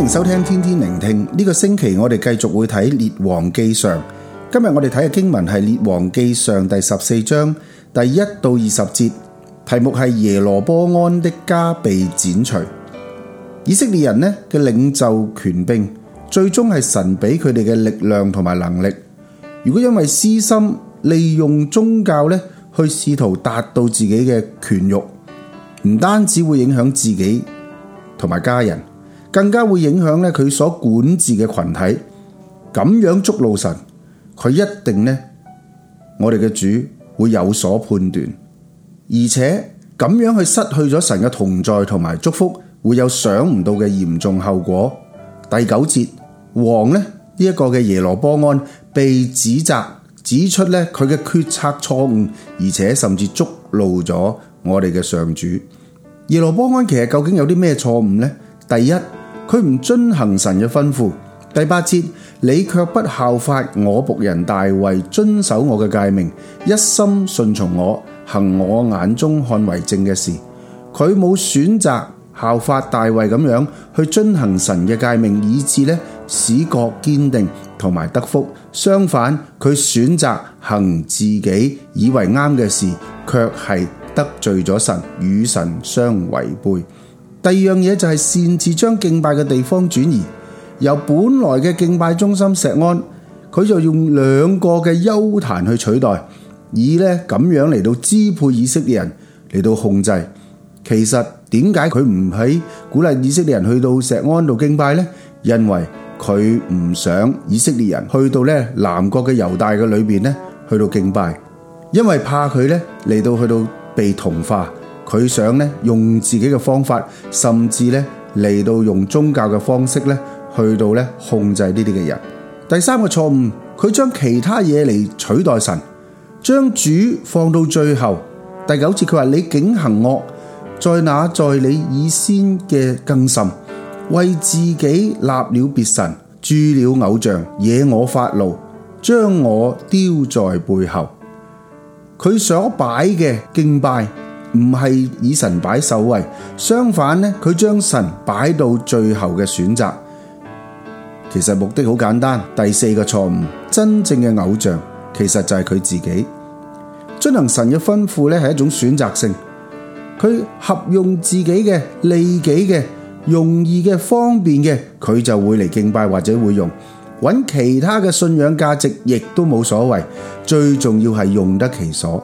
歡迎收聽天天聆聽。呢個星期我哋繼續會睇《列王記上》，今日我哋睇嘅經文係《列王記上》第十四章第一到二十節，題目係耶羅波安的家被剪除。以色列人呢嘅領袖權柄，最終係神俾佢哋嘅力量同埋能力。如果因為私心利用宗教咧，去試圖達到自己嘅權慾，唔單止會影響自己同埋家人。更加會影響咧佢所管治嘅群體，咁樣觸怒神，佢一定呢，我哋嘅主會有所判斷，而且咁樣去失去咗神嘅同在同埋祝福，會有想唔到嘅嚴重後果。第九節，王咧呢一個嘅耶羅波安被指責指出咧佢嘅決策錯誤，而且甚至觸怒咗我哋嘅上主。耶羅波安其實究竟有啲咩錯誤呢？第一，佢唔遵行神嘅吩咐。第八節，你卻不效法我僕人大衛遵守我嘅誡命，一心順從我，行我眼中看為正嘅事。佢冇選擇效法大衛咁樣去遵行神嘅誡命，以致咧使國堅定同埋得福。相反，佢選擇行自己以為啱嘅事，卻係得罪咗神，與神相違背。第二樣嘢就係擅自將敬拜嘅地方轉移，由本來嘅敬拜中心錫安，佢就用兩個嘅邱壇去取代，以咧咁樣嚟到支配以色列人嚟到控制。其實點解佢唔喺鼓勵以色列人去到錫安度敬拜咧？因為佢唔想以色列人去到咧南國嘅猶大嘅裏邊咧去到敬拜，因為怕佢咧嚟到去到被同化。佢想咧用自己嘅方法，甚至咧嚟到用宗教嘅方式咧，去到咧控制呢啲嘅人。第三個錯誤，佢將其他嘢嚟取代神，將主放到最後。第九節，佢話：你竟行惡，在那在你以先嘅更甚，為自己立了別神，鑄了偶像，惹我發怒，將我丟在背後。佢所擺嘅敬拜。唔係以神擺首位，相反呢，佢將神擺到最後嘅選擇。其實目的好簡單。第四個錯誤，真正嘅偶像其實就係佢自己。遵行神嘅吩咐咧，係一種選擇性。佢合用自己嘅利己嘅容易嘅方便嘅，佢就會嚟敬拜或者會用，揾其他嘅信仰價值，亦都冇所謂。最重要係用得其所。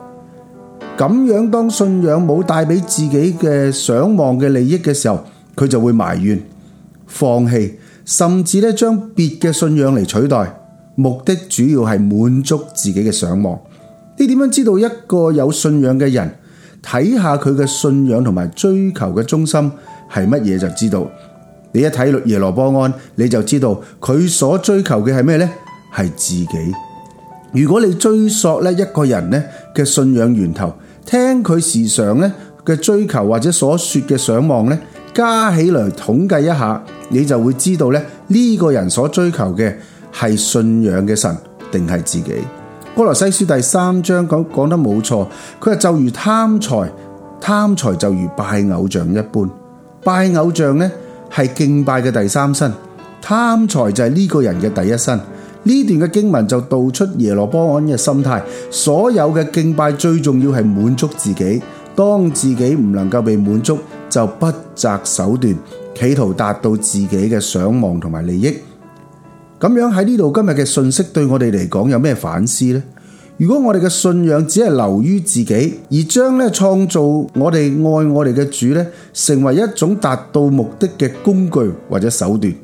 咁樣當信仰冇帶俾自己嘅想望嘅利益嘅時候，佢就會埋怨、放棄，甚至咧將別嘅信仰嚟取代，目的主要係滿足自己嘅想望。你點樣知道一個有信仰嘅人睇下佢嘅信仰同埋追求嘅中心係乜嘢就知道？你一睇耶羅波安，你就知道佢所追求嘅係咩呢？係自己。如果你追溯咧一個人咧嘅信仰源頭，聽佢時常咧嘅追求或者所說嘅想望咧，加起來統計一下，你就會知道咧呢、這個人所追求嘅係信仰嘅神定係自己。歌羅西書第三章講講得冇錯，佢話就如貪財，貪財就如拜偶像一般，拜偶像咧係敬拜嘅第三身，貪財就係呢個人嘅第一身。呢段嘅經文就道出耶羅波安嘅心態，所有嘅敬拜最重要係滿足自己。當自己唔能夠被滿足，就不擇手段企圖達到自己嘅想望同埋利益。咁樣喺呢度今日嘅信息對我哋嚟講有咩反思呢？如果我哋嘅信仰只係流於自己，而將咧創造我哋愛我哋嘅主咧，成為一種達到目的嘅工具或者手段。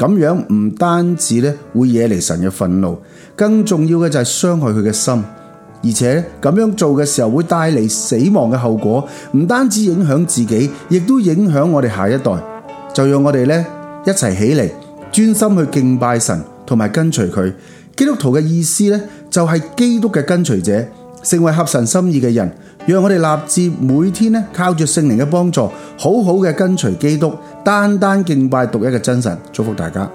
咁樣唔單止咧會惹嚟神嘅憤怒，更重要嘅就係傷害佢嘅心，而且咁樣做嘅時候會帶嚟死亡嘅後果，唔單止影響自己，亦都影響我哋下一代。就讓我哋咧一齊起嚟，專心去敬拜神同埋跟隨佢。基督徒嘅意思咧就係基督嘅跟隨者，成為合神心意嘅人。讓我哋立志每天呢，靠住聖靈嘅幫助，好好嘅跟隨基督，單單敬拜獨一嘅真神，祝福大家。